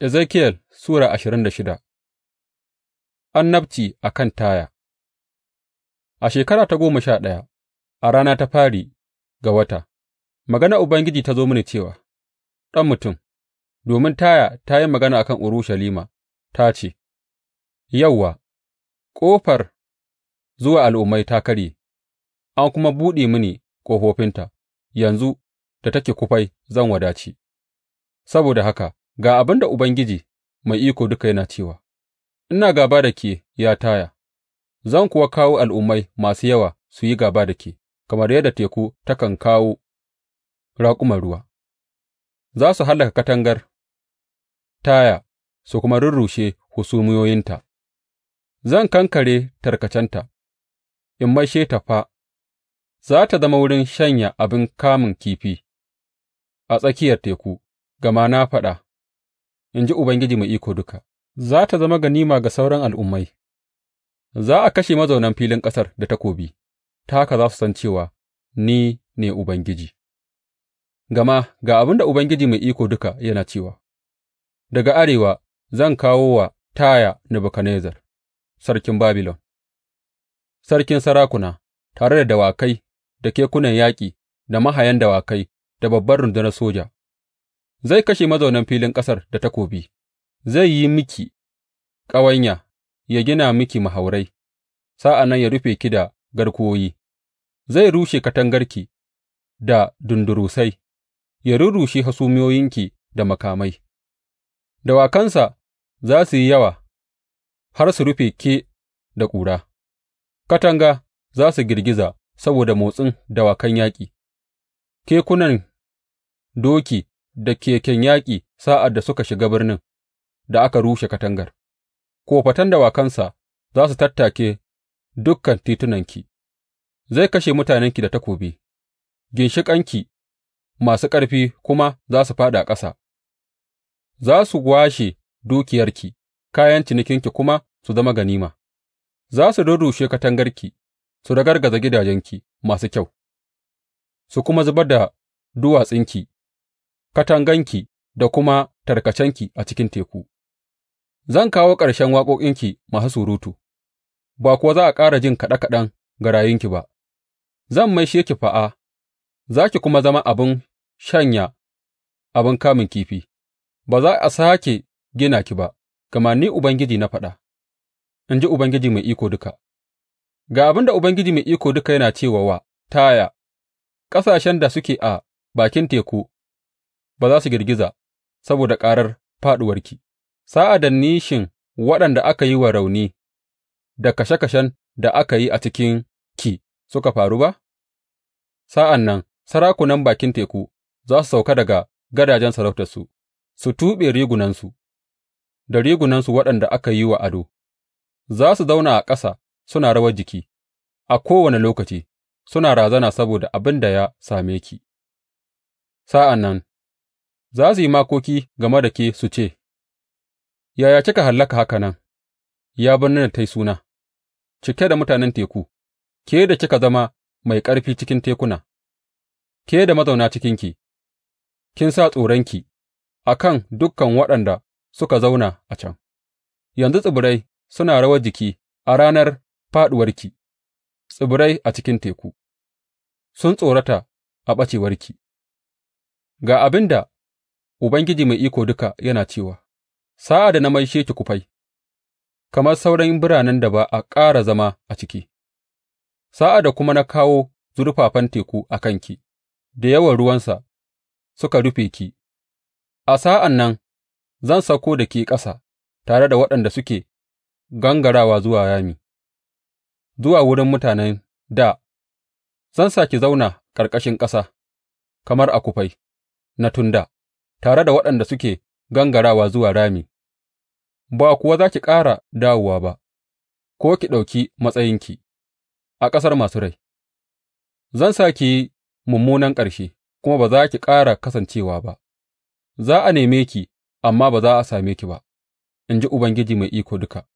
Ezekiyel Sura ashirin da shida Annabci a kan Taya A shekara ta goma sha ɗaya, a rana ta fari ga wata, Magana Ubangiji ta zo mini cewa, Ɗan mutum, domin Taya ta yi magana a kan Urushalima, ta ce, Yauwa, ƙofar zuwa al'ummai ta karye, an kuma buɗe mini ƙofofinta, yanzu da take kufai zan wadace, saboda haka. Ga abin da Ubangiji Mai Iko Duka yana cewa, Ina gāba da ke, ya Taya, zan kuwa kawo al'ummai masu yawa su yi gāba da ke kamar yadda teku takan kawo raƙuman ruwa; za su hallaka katangar Taya su kuma rurrushe hasumiyoyinta, zan kankare tarkacenta in maishe ta fa? za ta zama wurin shanya abin kamun kifi a tsakiyar teku, gama na faɗa. in ji Ubangiji Mai Iko Duka, za tă zama ganima ga sauran al'ummai, za a kashe mazaunan filin ƙasar da takobi, ta haka za su san cewa ni ne Ubangiji. Gama ga abin da Ubangiji Mai Iko Duka yana cewa, Daga arewa zan kawo wa Taya Nebuchadnezzar, sarkin Babilon, sarkin sarakuna, tare da dawakai da kekunan yaƙi da mahayan dawakai da babbar rundunar soja. Zai kashe mazaunan filin ƙasar da takobi, zai yi miki ƙawanya, ya gina miki mahaurai, sa'an nan ya rufe ki da garkuwoyi, zai rushe katangarki da dundurusai, ya rurrushe hasumiyoyinki da makamai, dawakansa za su yi yawa har su rufe ke da ƙura, katanga za su girgiza saboda motsin dawakan yaƙi, kekunan doki da keken yaƙi sa'ad da suka shiga birnin da aka rushe katangar, kofatan dawakansa za su tattake dukan titunanki, zai kashe mutanenki da takobi, ginshiƙanki masu ƙarfi kuma za su fāɗi ƙasa, za su washe dukiyarki, kayan cinikinki kuma su zama ganima, za su rurrushe katangarki, su ragargaza gidajenki masu kyau, su kuma zubar da duwatsunki katanganki da kuma tarkacenki a cikin teku; zan kawo ƙarshen waƙoƙinki masu surutu, ba kuwa za a ƙara jin kaɗe kaɗen garayunki ba; zan maishe ki fa'a. za ki kuma zama abin shanya abin kamun kifi, ba za a sāke gina ki ba, gama ni Ubangiji na faɗa, in ji Ubangiji Mai Iko Duka. Ga abin da Ubangiji Mai Iko Duka yana cewa wa Taya, ƙasashen da suke a bakin teku ba za su girgiza saboda ƙarar fāɗuwarki sa'ad da nishin waɗanda aka yi wa rauni da kashe kashen da aka yi a cikinki suka faru ba? Sa'an nan sarakunan bakin teku za su sauka daga gadajen sarautarsu su tuɓe rigunansu da rigunansu waɗanda aka yi wa ado, za su zauna a ƙasa suna rawar jiki a kowane lokaci, suna razana saboda abin da ya same ki. Sa'an nan za su yi makoki game da ke su ce, Yaya kika hallaka haka nan, ya birnin da ta yi suna, cike da mutanen teku, ke da kika zama mai ƙarfi cikin tekuna, ke da mazauna cikinki, kin sa tsoronki a kan dukan waɗanda suka zauna a can, yanzu tsibirai suna rawar jiki a ranar fāɗuwarki, tsibirai a cikin teku sun tsorata a ɓacewarki. Ga abin da Ubangiji Mai Iko Duka yana cewa, Sa'ad da na maishe ki kufai, kamar sauran biranen da ba a ƙara zama a ciki, sa'ad da kuma na kawo zurfafan teku a kanki da yawan ruwansa suka rufe ki, a sa'an nan zan sauko da ke ƙasa tare da waɗanda suke gangarawa zuwa yami. zuwa wurin mutanen da. zan sa ki zauna ƙarƙashin ƙasa kamar a kufai na tun dā. tare da waɗanda suke gangarawa zuwa rami, ba kuwa za ki ƙara dawowa ba, ko ki ɗauki matsayinki a ƙasar masu rai, zan sa ki yi mummunan ƙarshe kuma ba za ki ƙara kasancewa ba, za a neme ki amma ba za a same ki ba, in ji Ubangiji Mai Iko Duka.